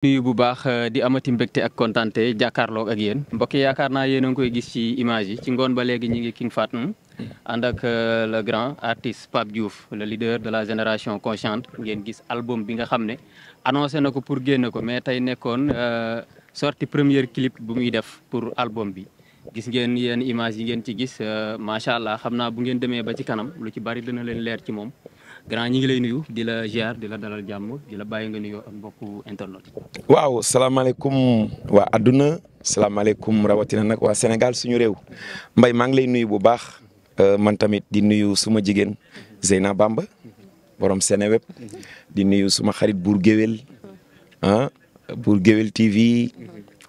nuyu bu baax euh, di amati mbégte ak kontante jàkkaarloog ak yéen mbokk yaakaar naa yéen a ngi koy gis ci image yi ci ngoon ba léegi ñu ngi King Fahd ànd ak euh, le grand artiste Pape Diouf le leader de la génération consciente ngeen gis album bi nga xam ne annoncé na ko pour génn ko mais tey nekkoon euh, sorti premier clip bu muy def pour album bi gis ngeen yéen image yi ngeen ci gis macha allah xam naa bu ngeen demee ba ci kanam lu ci bari dina leen leer ci moom. grand ñi ngi lay nuyu di la ziar di la dalal jàmm di la bàyyi nga nuyoo ak mbokku internet waaw salaamaaleykum waa adduna salaamaaleykum rawatina nag waa Sénégal suñu réew mbay maa ngi lay nuyu bu baax euh, man tamit di nuyu suma jigéen Zeyna Bamba borom Seneweb di nuyu suma xarit Bour géwél ah géwél Gueweul TV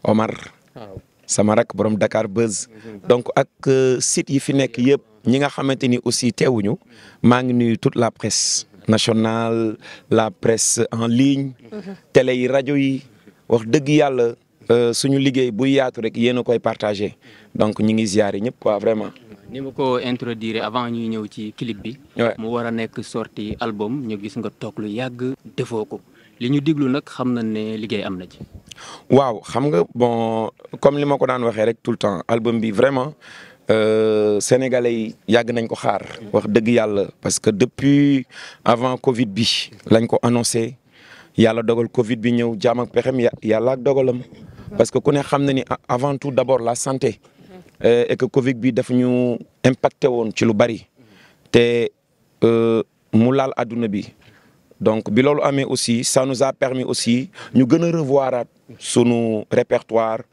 Omar sama rakk borom Dakar Buzz donc ak euh, sit yi fi nekk yëpp. ñi nga xamante ni aussi teewuñu maa ngi nuyu tout la presse nationale la presse en ligne télé yi rajo yi wax dëgg yàlla euh, suñu liggéey buy yaatu rek yéen a koy partagé donc ñu ngi ziare ñëpp quoi vraiment. ni ma ko introduire avant ñuy ñëw ci clip bi. mu war a nekk sorti album ñu gis nga toog lu yàgg defoo ko li ñu diglu nag xam na ne liggéey am na ci. waaw xam nga bon comme li ma ko daan waxee rek tout le temps album bi vraiment. Euh, sénégalais yi yàgg nañ ko xaar wax dëgg yàlla parce que depuis avant Covid bi lañ ko annoncé yàlla dogal Covid bi ñëw jaam ak pexem yàlla ak dogalam parce que ku ne xam na ni avant tout d'abord la santé euh, et que Covid bi daf ñu impacté woon ci lu bari te euh, mu laal adduna bi donc bi loolu amee aussi ça nous permis aussi ñu gën a revoiraat sunu répertoire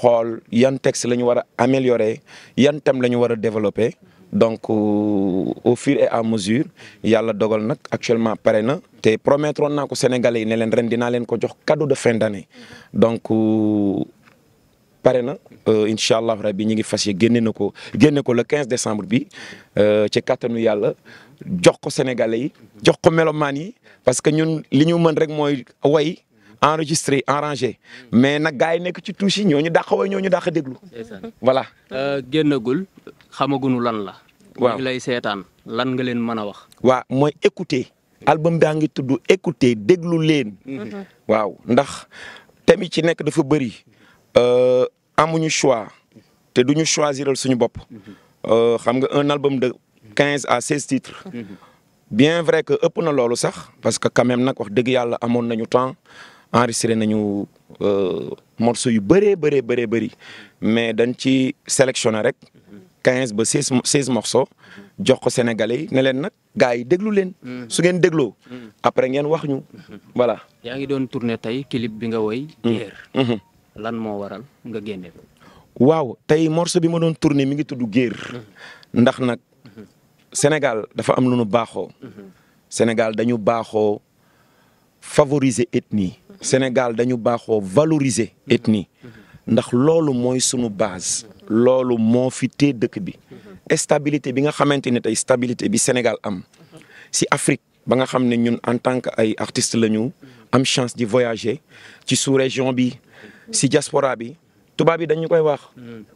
xool yan texte la ñu war a améliorer yan thème la ñu war a développer donc euh, au fur et à mesure yàlla dogal nag actuellement pare na te promettroon naa ko Sénégalais yi ne leen ren dinaa leen ko jox cadeau de fin d'année donc euh, pare na euh, incha allah rabi ñu ngi fas yéene génne na ko génne ko le 15 décembre bi ci kattanu yàlla jox ko Sénégalais yi jox ko melomaan yi parce que ñun li ñu mën rek mooy way enregistré arrangé mais nag gars yi nekk ci touche yi ñooñu dàq way ñooñu dàq déglu. voilà. Euh, génnagul xamaguñu lan la. waaw seetaan lan nga leen mën a wax. waaw mooy écouter. album daa ngi tudd écouter déglu leen. Mhm. waaw ndax thème ci nekk dafa bëri. Euh, amuñu choix te duñu choisiral suñu bopp. Mhm. Euh, xam nga un album de quinze à seize titres. Mhm. bien vrai que ëpp na loolu sax parce que quand même wax dëgg yàlla amoon nañu temps. enregistré nañu euh, morceaux yu bëree bëree bëree bëri mais dañ ci sélectionné rek quinze ba seize seize morceaux jox ko Sénégalais yi ne leen nag gars yi déglu leen. su ngeen dégloo. après ngeen wax ñu voilà. yaa ngi doon tourné tey clip bi nga woy. géer mm-hmm. mm-hmm. lan moo waral nga génne ko. waaw tey morceau bi ma doon tourné mi ngi tudd géer mm-hmm. ndax nag Sénégal dafa am lu nu baaxoo. Sénégal dañu baaxoo favoriser ethnie Sénégal dañu baaxoo valoriser ethnie ndax loolu mooy sunu base loolu moo fi te dëkk bi stabilité bi nga xamante ne tey stabilité bi Sénégal am si Afrique ba nga xam ne ñun en tant que ay artistes la ñu am chance di voyager ci sous région bi si diaspora bi tubaab yi dañu koy wax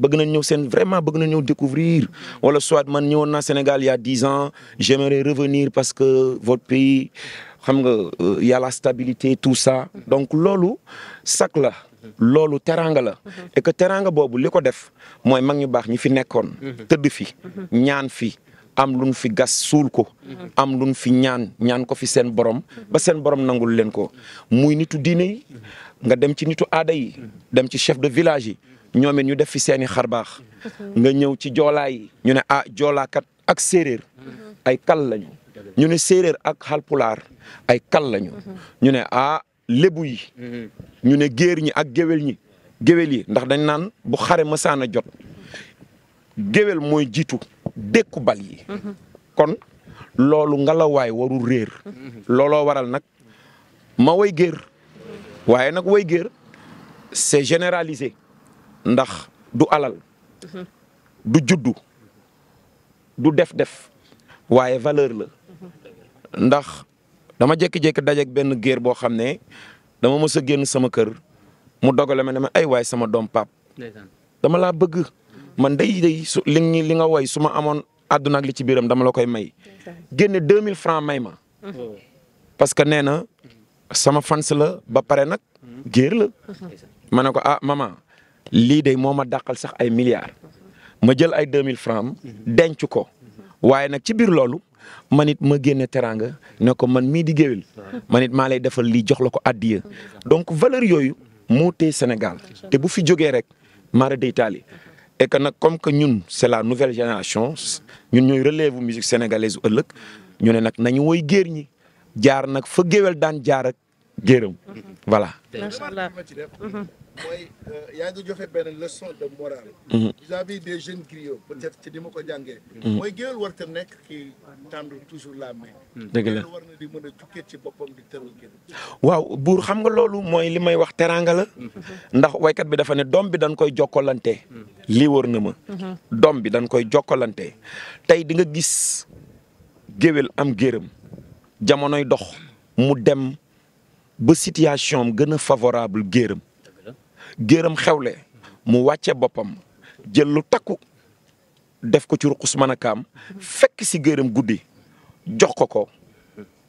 bëgg nañ ñëw seen vraiment bëgg nañ ñëw découvrir wala soit man ñëwoon naa Sénégal il y a dix ans revenir parce que vote pays xam nga euh, y a la stabilité tout ça donc loolu sac la loolu teranga la et que boobu li ko def mooy mag ñu baax ñi fi nekkoon tëdd fi ñaan fi am luñ fi gas suul ko am luñ fi ñaan ñaan ko fi seen borom ba seen borom nangul leen ko muy nitu diine yi nga dem ci nitu aada yi dem ci chef de village yi ñoom ñu def fi seeni xarbaax nga ñëw ci joolaay ñu ne ah joolaakat ak séeréer ay kal lañu ñu ne séeréer ak xalpulaar ay kal lañu ñu ne ah lébu yi ñu ne géer ñi ak géwél ñi géwél yi ndax dañ naan bu xare mësaan a jot géwél mooy jiitu dékku bal yi kon loolu ngalawaay warul réer looloo waral nag ma way géer waaye nag way géer c'est généralisé ndax du alal du juddu du def-def waaye valeur la ndax dama jékki-jékki dajeeg benn géer boo xam ne dama mës génn sama kër mu dogale ma ne ma ay waay sama doom pap dama laa bëgg man day day li nga woy su ma amoon àdduna ak li ci biiram dama la koy may génne 2000 francs may ma oh. parce que nee na sama fans la ba pare nag géer la ma ne ko ah maman lii de moo ma dàqal sax ay milliards ma jël ay 2000 francs mhm. denc ko mhm. waaye nag ci biir loolu man it ma génne teraanga ne ko man mii di géwél man it maa lay defal lii jox la ko addiya donc valeur yooyu moo tee Sénégal te bu fi jogee rek mara day taali et que nag comme que ñun c'est la nouvelle génération ñun ñooy relève bu musique sénégalaise ëllëg ñu ne nag nañu woy gér ñi jaar nag fa géwél daan jaar ak géeram mooy euh, yaa joxe benn leçon de morale. Mhm. vis des jeunes griots peut ma ko jàngee. Mhm. Mhm. mooy géwél warta nekk ki toujours la main. dëgg la war na di mën a ci boppam di waaw buur xam nga loolu mooy li may wax teraanga la. ndax waykat bi dafa ne doom bi dañ koy jokkalante. lii wër na ma. doom bi dañ koy jokkalante tey di nga gis géwél am gërëm jamonoy dox mu dem ba situation am gën a favorable gërëm. géram xewle mu wàcce boppam jël lu takku def ko ci ruqus mën a kaam fekk si géram guddi jox ko ko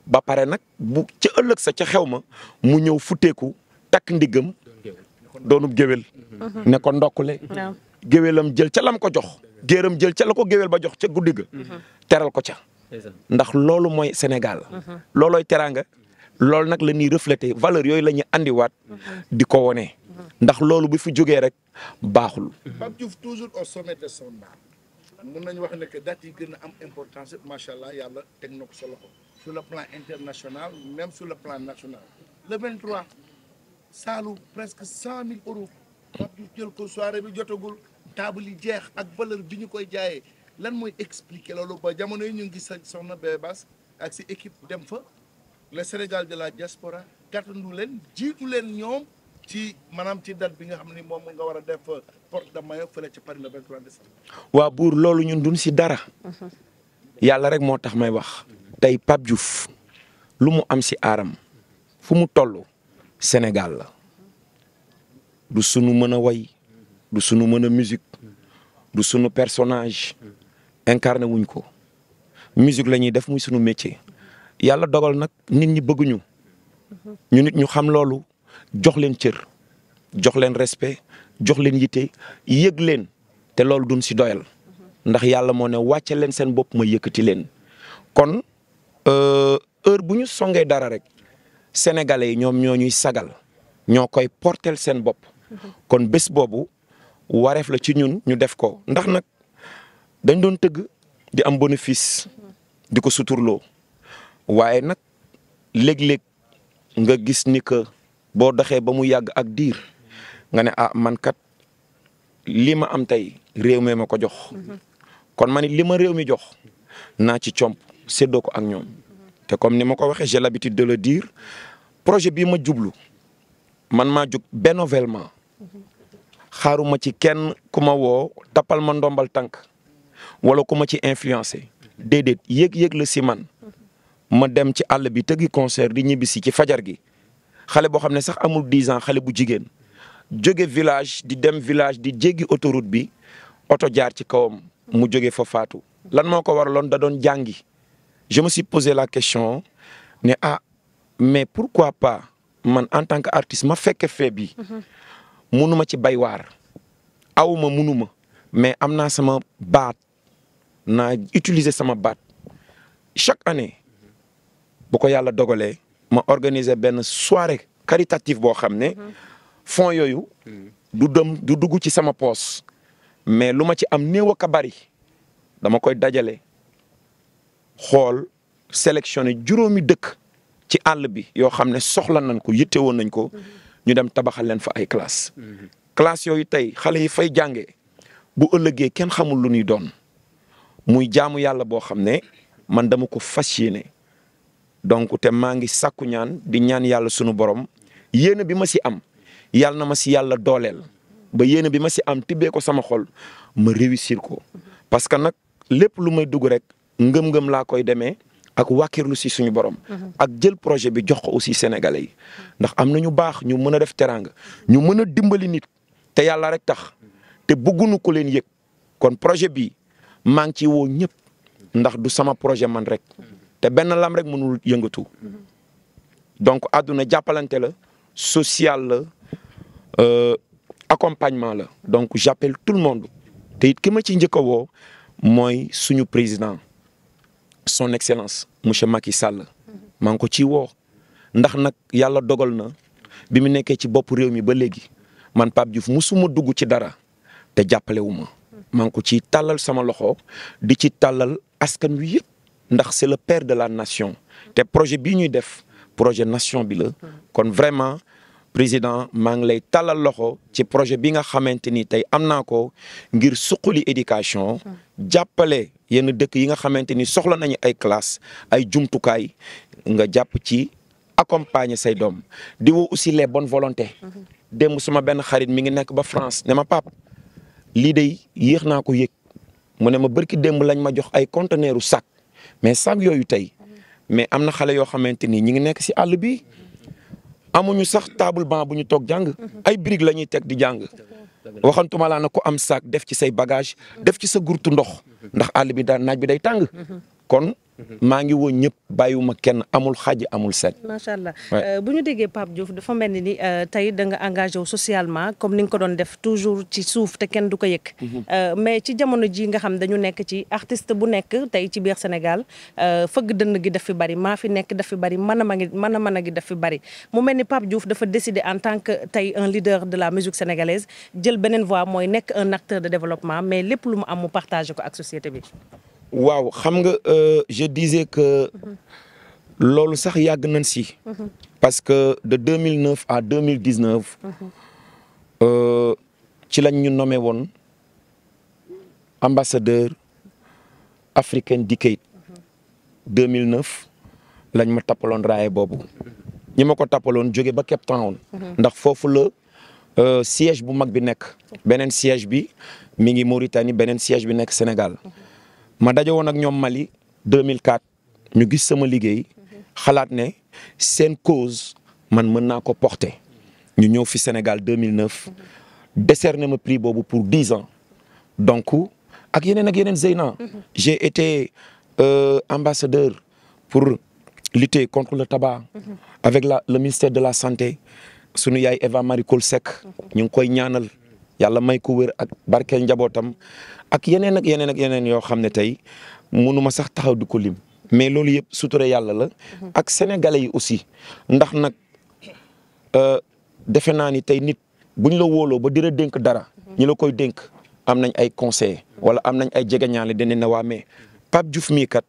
ba pare nag bu ca ëllëg sa ca xew ma mu ñëw futteeku takk ndiggam doonub géwél mhm. ne ko ndokkule géwélam jël ca lam ko jox géram jël ca la ko géwél ba jox ca guddi ga mhm. teral ko ca ndax loolu mooy Sénégal mhm. loolooy teraanga loolu nag la ñuy refléter valeur yooyu la ñuy andiwaat di ko wone ndax loolu bi fi jógee rek baaxul. Pape Diouf toujours au sommet de son art mën nañu wax ne que date yi gën a am importance macha allah yàlla teg na ko sa loxo sur le plan international même su le plan national. le 23 saalu presque 100000 euros Pape Diouf jël ko bi jotagul table yi jeex ak valeur bi ñu koy jaayee lan mooy expliquer loolu ba jamono yi ñu ngi sa soxna Bébé Bass ak si équipe dem fa le Sénégal de la diaspora gàttandu leen jiitu leen ñoom. ci maanaam ci date bi nga xam ni moom nga war a def euh, porte de maillot fële ci Paris le 23 décembre. waa buur loolu ñun duñ si dara. yàlla rek moo tax may wax. tey Pape Diouf lu mu am si aaram fu mu toll Sénégal la du sunu mën a way du sunu mën a musique du sunu personnage incarné wuñ ko musique la ñuy def muy sunu métier yàlla dogal nag nit ñi bëgguñu ñu nit ñu xam loolu. jox leen cër jox leen respect jox leen yitte yëg leen te loolu duñ si doyal ndax yàlla moo ne wàcce leen seen bopp ma yëkkati leen kon euh, heure bu ñu songee dara rek sénégalais yi ñoom ñoo ñuy sagal ñoo koy portel seen bopp kon bés boobu wareef la ci ñun ñu def ko ndax nag dañ doon tëgg di am bénéfice di ko suturloo waaye nag léeg-léeg nga gis ni que boo doxee ba mu yàgg ak diir nga ne ah man kat li ma am tey réew mi ma ko jox kon ma ne li ma réew mi jox naa ci comp seddoo ko ak ñoom te comme ni ma ko waxee j'ai l'habitude de le dire projet bii ma jublu man maa jug bénévolement xaaruma ci kenn ku ma woo tappal ma ndombal tànk wala ku ma ci influencé déedéet yéeg yéeg la si man ma dem ci àll bi tëggi concert di ñibbisi ci fajar gi xale boo xam ne sax amul 10 ans xale bu jigéen jóge village di dem village di jéggi autoroute bi oto jaar ci kawam mu jóge fa faatu lan moo ko waraloon da doon jàngi je me suis posé la question ne ah mais pourquoi pas man en tant que artiste ma fekke fee bi munuma ci bay waar awma munuma mais am naa sama baat naa utiliser sama baat chaque année bu ko yàlla dogalee ma organiser benn soirée caritative boo xam ne fonds yooyu du dem du dugg ci sama poos mais lu ma ci am néew ak a bari dama koy dajale xool sélectionné juróomi dëkk ci àll bi yoo xam ne soxla nañ ko yitte woon nañ ko ñu dem tabaxal leen fa ay classe classe yooyu tey xale yi fay jànge bu ëllëgee kenn xamul lu nuy doon muy jaamu yàlla boo xam ne man dama ko fas yéene donc te maa ngi sakku ñaan di ñaan yàlla suñu borom yéene bi ma si am yàlla na ma si yàlla dooleel ba yéene bi ma si am tibbee ko sama xol ma réussir ko parce que nag lépp lu may dugg rek ngëm-ngëm laa koy demee ak wàkkirlu si suñu borom. Mhm. ak jël projet bi jox ko aussi sénégalais ndax am na ñu baax ñu mën a def teraanga ñu mën a dimbali nit te yàlla rek tax te bëggunu ko leen yëg kon projet bi maa ngi ciy woo ñëpp ndax du sama projet man rek. te benn lam rek mënul yëngatu donc àdduna jàppalante la social la euh, accompagnement la donc j'appelle tout le monde te it ki ma ci njëkk a woo mooy suñu président son excellence monsieur Macky Sall maa ngi ko ciy woo ndax nag yàlla dogal na bi mu nekkee ci boppu réew mi ba léegi man Pape Diouf musuma dugg ci dara te jàppale wu ma maa ngi ko ciy tàllal sama loxo di ci tàllal askan wi yëpp. ndax c'est le père de la nation te projet bii ñuy def projet nation bi la kon vraiment président maa ngi lay talal loxo ci projet bi nga xamante ni tey am naa ko ngir suqali éducation jàppale yenn dëkk yi nga xamante ni soxla nañu ay classe ay jumtukaay nga jàpp ci accompagner say doom di woo aussi les bonnes volontés démb suma benn xarit mi ngi nekk ba France ne ma pap lii de yéex naa ko yëg mu ne ma bërki demb lañ ma jox ay conteneur u sac mais saag yooyu tey mais am na xale yoo xamante ni ñi ngi nekk si àll bi amuñu sax table banc bu ñu toog jàng ay briques la ñuy teg di jàng waxantuma laa na ko am saak def ci say bagage def ci sa gurtu ndox ndax àll bi daal naaj bi day tàng kon maa ngi woo ñëpp bàyyiwuma kenn amul xaj amul set. macha allah euh, bu ñu déggee Pape Diouf dafa mel ni ni euh, tey da nga engagé wu socialement comme ni nga ko doon def toujours ci suuf te kenn du ko yëg. Mhm. Euh, mais ci jamono ji nga xam dañu nekk ci artiste bu nekk tey ci biir Sénégal fëgg dënn gi daf fi bari maa fi nekk daf fi bari mën a ma ngi mën a mën a gi daf fi bari mu mel ni Pape Diouf dafa décider en tant que tey un leader de la musique sénégalaise jël benen voie mooy nekk un acteur de développement mais lépp lu mu am mu partagé ko ak société bi. waaw xam nga euh, je disais que loolu sax yàgg nañ si. parce que de 2009 à 2019. Euh, ci lañ ñu nommé woon ambassadeur africaine di mille 2009 lañ ma tappaloon raaye boobu ñi ma ko tappaloon jóge ba Cape Town ndax foofu la euh, siège bu mag bi nekk beneen siège bi mi ngi Mauritanie beneen siège bi nekk Sénégal. ma daje woon ak ñoom Mali 2004 ñu gis sama liggéey xalaat ne seen cause man mën naa ko porter ñu ñëw fi Sénégal 2009 décerné ma prix boobu pour dix ans donc ak yeneen ak yeneen Zeyna. j'ai été euh, ambassadeur pour lutter contre le tabac. avec la le ministère de la santé sunu yaay Eva Marie Coll Seck. ñu ngi koy ñaanal yàlla may ko wér ak barkeel njabootam. ak yeneen ak yeneen ak yeneen yoo xam ne tey mënuma sax taxaw di ko lim mais loolu yëpp sutura yàlla la. Mhm. ak sénégalais yi aussi ndax nag euh, defe naa ni tey nit buñ la wóoloo ba dira dénk dara. Mhm. ñu la koy dénk am nañ ay conseil wala am nañ ay jege jegeñaale danañ ne waa mais Pape Diouf mii kat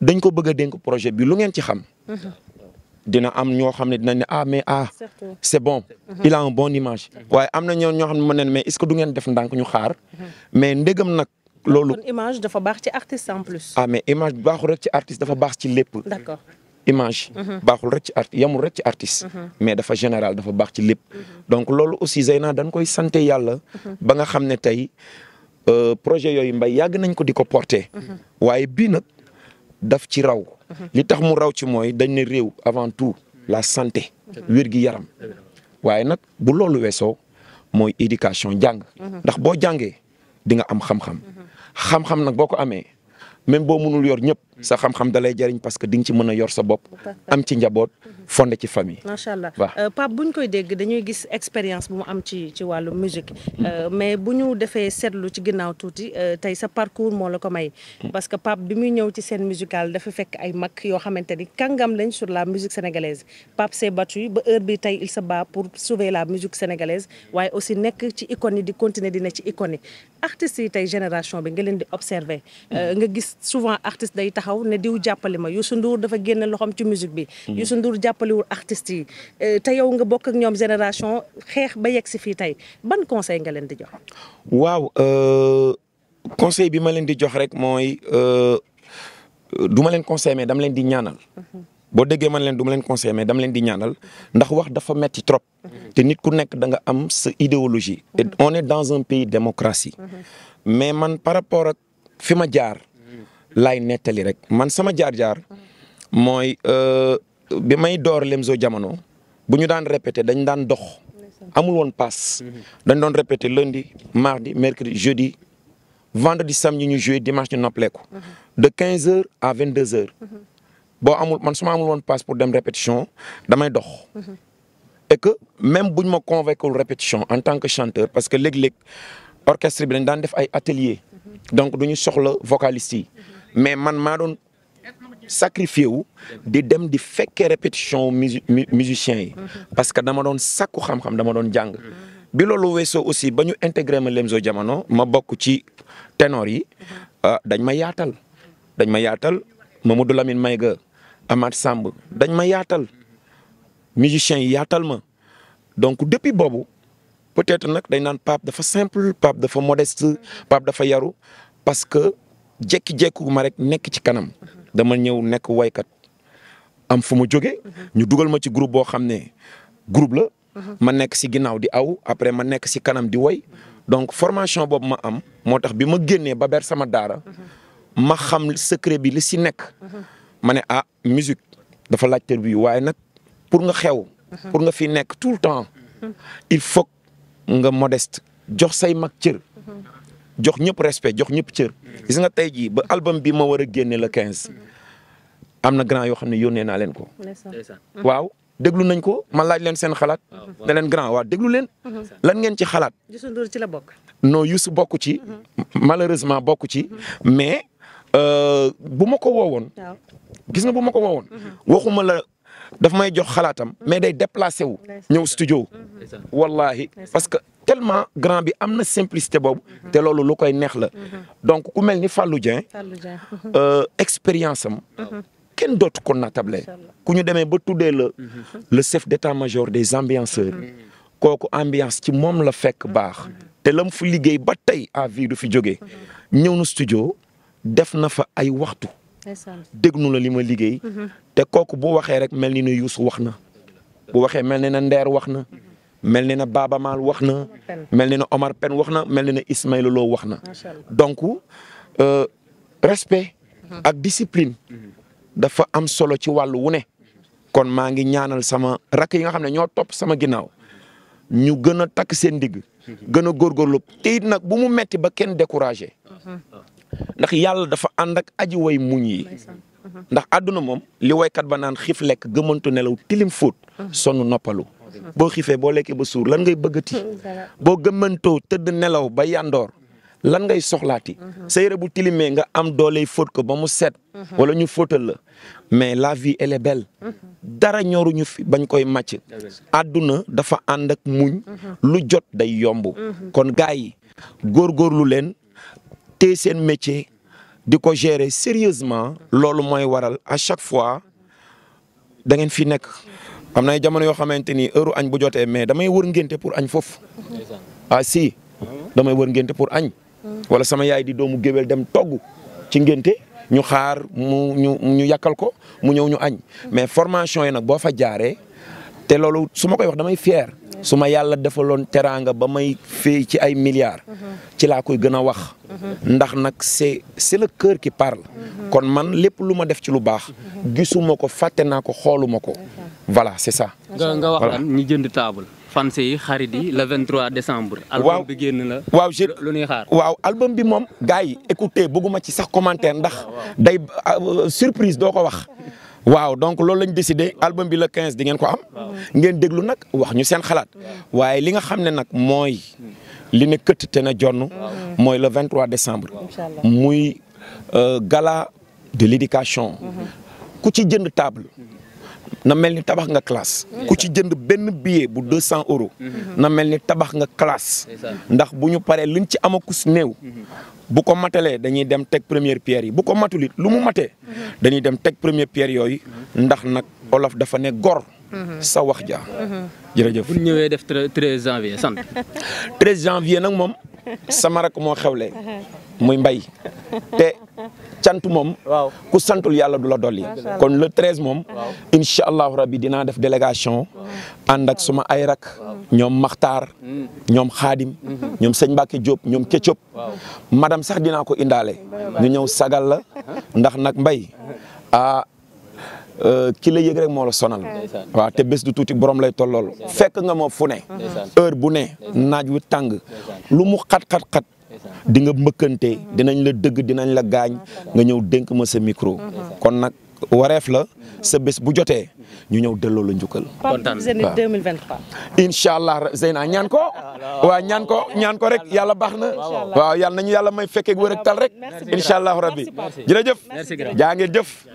dañ ko bëgg a dénk projet bi lu ngeen ci xam. Mhm. dina am ñoo xam ne dinañ ne ah mais ah c' est bon mhm. il a mhm. waaye am na ñoo ñoo xam ne mën neen mais est ce du ngeen def ndànk ñu xaar mhm. mais ndégam nag loolu kon image dafa baax ci artiste en plus ah mais image baaxul rek ci artiste dafa baax ci lépp d'accord image baaxul rek ci art yamul rek ci artiste mais dafa général dafa baax ci lépp donc loolu aussi Zeyna dañ koy sant yalla ba nga xam ne tey euh, projet yooyu mbay yàgg nañ ko di ko porter waaye bii nag daf ci raw li tax mu raw ci mooy dañ ne réew avant tout la santé wér yaram waaye nag bu loolu weesoo mooy éducation jàng mhm. ndax boo jàngee dinga am xam-xam mhm. xam-xam nag boo ko amee même boo mënul yor ñëpp mm. sa xam-xam dalay jariñ parce que di ci mën a yor sa bopp am ci njaboot mm-hmm. fonde ci famille macha allah waaw euh, Pape bu ñu koy dégg dañuy gis expérience bu mu am ci ci wàllu musique euh, mais bu ñu defee seetlu ci ginnaaw tuuti euh, tey sa parcours moo la ko may mm. parce que Pape bi muy ñëw ci scène musicale dafa fekk ay mag yoo xamante ni kàngam lañ sur la musique sénégalaise Pape s'est battu ba heure bi tey il se bat pour sauver la musique sénégalaise waaye aussi nekk ci icône yi di continuer dina ci icône artistes yi tey génération bi nga leen di observer euh, nga gis souvent artiste day taxaw ne diw jàppale ma Youssou Ndour dafa génne loxoom ci musique bi mm-hmm. Youssou Ndour jàppalewul artistes yi euh, te yow nga bokk ak ñoom génération xeex ba yegg si fii tey ban conseil nga leen di jox waaw euh, conseil bi ma leen di jox rek mooy du ma leen conseil mais dama leen di ñaanal mm-hmm. boo déggee man leen du ma leen conseillé mais dama leen di ñaanal ndax wax dafa metti trop te nit ku nekk da nga am sa idéologie et mhm. on est dans un pays démocratie mhm. mais man par rapport ak fi ma jaar lay nettali rek man sama jaar-jaar mooy euh, bi may door Lemzo Diamono bu ñu daan répété dañ daan dox amul woon paas mhm. dañ doon répété lundi mardi mercredi jeudi vendredi samedi ñu joué dimanche ñu noppaleeku de quinze heures à vingt deux heures boo amul man su amul woon passe pour dem répétition damay dox. et que même buñ ma convaincul répétition en tant que chanteur parce que léeg-léeg orchestre bi dañ daan def ay atelier donc du ñu soxla vocaliste yi mais man maa doon sacrifié wu di dem di fekkee répétition musi musiciens yi parce que dama doon sakku xam-xam dama doon jàng bi loolu weesoo aussi ba ñu intégré ma Lemzo Diamono ma bokku ci ténor yi ah, dañ ma yaatal dañ ma yaatal Mamadou Lamine Maïga Amath Samb dañ ma yaatal musiciens yi yaatal ma donc depuis boobu peut-être nag dañ naan Pape dafa simple Pape dafa modeste Pape dafa yaru parce que jékki-jékku ma rek nekk ci kanam dama ñëw nekk waykat am fu ma jóge ñu dugal ma ci groupe boo xam ne groupe la ma nekk si ginnaaw di aw après ma nekk si kanam di woy donc formation boobu ma am moo tax bi ma génnee ba ber sama daara ma xam secret bi li si nekk ma ne ah musique dafa laaj tër bi waaye nag pour nga xew. pour nga fi nekk tout le temps. il faut nga modeste jox say mag cër. jox ñëpp respect jox ñëpp cër. gis nga tey jii ba album bi ma war a génne la quinze. am na grand yoo xam ne yónnee naa leen ko. waaw déglu nañ ko ma laaj leen seen xalaat. ne leen grand waaw déglu leen. lan ngeen ci xalaat. Youssou Ndour ci la bokk. non Youssou bokk ci. Mhm. malheureusement bokku ci. mais euh, bu ma ko woowoon. gis na bu ma ko woowoon waxuma la daf may jox xalaatam mais day déplacé wu ñëw studio wallahi parce que tellement grand bi am na simplicité boobu te loolu lu koy neex la ku mel ni Fallou euh, expérience am kenn dootu ko ku ñu demee ba tuddee la le chef d'état-major des ambianceurs kooku ambiance ci moom la fekk baax te lam fu liggéey ba tey à vie du fi jógee ñëw na studio def na fa ay waxtu déglu la li ma liggéey. Mm-hmm. te kooku bu waxee rek mel ni ne Youssou wax na. bu waxee mel ni na Nder wax na. mel ni na Baaba Maal wax na. mel ni na Omar Pène wax na mel ni na Ismaïla Lo wax na. donc euh, respect. Mm-hmm. ak discipline. dafa am solo ci wàllu wu ne. kon maa ngi ñaanal sama rakk yi nga xam ne ñoo topp sama ginnaaw ñu gën a takk seen digg. gën a góorgóorlu te nag bu mu metti ba kenn découragé. ndax yàlla dafa ànd ak aji woy muñ yi ndax àdduna moom li woykat ba naan xiif lekk gëmantu nelaw tilim fóot sonnu noppalu boo xiifee boo lekkee ba suur lan ngay bëggati boo gëmmantoo tëdd nelaw ba yandoor lan ngay soxlaati sa yére bu tilimee nga am dooley fóot ko ba mu set wala ñu fóotal la mais la vie elle est belle dara ñoruñu fi bañ koy màcc àdduna dafa ànd ak muñ lu jot day yomb kon gars yi góorgóorlu leen téye seen métier di ko gérer sérieusement loolu mooy waral à chaque fois da ngeen fi nekk am na ay jamono yoo xamante ni heure añ bu jotee mais damay war ngénte pour añ foofu ah si damay wër ngénte pour añ wala sama yaay di doomu géwél dem togg ci ngénte ñu xaar mu ñu ñu yàkkal ko mu ñëw ñu añ mais formation yi nag boo fa jaaree te loolu su ma koy wax damay fier su ma yàlla defaloon teraanga ba may fii ci ay milliards ci laa koy gën a wax ndax nag c'est la kër ki qui parle kon man lépp lu ma def ci lu baax gisuma ko fàtte naa ko xooluma ko voilà c'est ça nga nga wax lan ñu jënd table fanse yi xarit yi le 23 décembre. album bi génn la. waaw je lu ñuy waaw album bi moom. gars yi écoutez bëgguma ci sax commentaire ndax. day euh, surprise doo ko wax. waaw donc loolu lañ décidé album bi la 15 di ngeen ko am. ngeen déglu nag wax ñu seen xalaat. waaye li nga xam ne nag mooy. li ne këtt te na jonn. mooy le 23 décembre. muy euh, gala de l' mhm. ku ci jënd table. Mhm. na mel ni tabax nga classe ku ci jënd benn billet bu deux cent euros mm-hmm. na mel ni tabax nga classe ndax bu ñu paree liñ ci amakus néew mm-hmm. bu ko matalee dañuy dem teg première pierre yi bu ko matulit lu mu matee mm-hmm. dañuy dem teg premier pierre yooyu ndax nag olof dafa ne gor sa wax ja jërëjëf ñëwee def treize janvier sant treize janvier nag moom sama rak moo xewlee muy mbay te cant moom ku santul yàlla du la dolli kon le treize moom incha allahu rabbi dinaa def délégation ànd ak suma ay rak ñoom maxtaar mm. ñoom xaadim mm-hmm. ñoom sëñ Mbacke Diop ñoom Kétiop madame sax dinaa ko indaale ñu ñëw sagal la ndax nag mbay ah euh, ki la yëg rek moo la sonal waaw te bés du tuuti borom lay tollool fekk nga ma fu heure bu ne naaj wu tàng lu mu xat-xat-xat di nga mbëkkante dinañ la dëgg dinañ la gaañ nga ñëw denk ma sa micro kon nag wareef la sa bés bu jotee ñu ñëw delloo la njukkal. kontaan waaw 2023. incha allah Zeyna ñan ko. waaw ñaan ko ñaan ko rek yàlla baax na. waaw yàlla nañu yàlla may fekkeeg wër ak tal rek. incha allah rabbi jërëjëf. jaa ngeen jëf.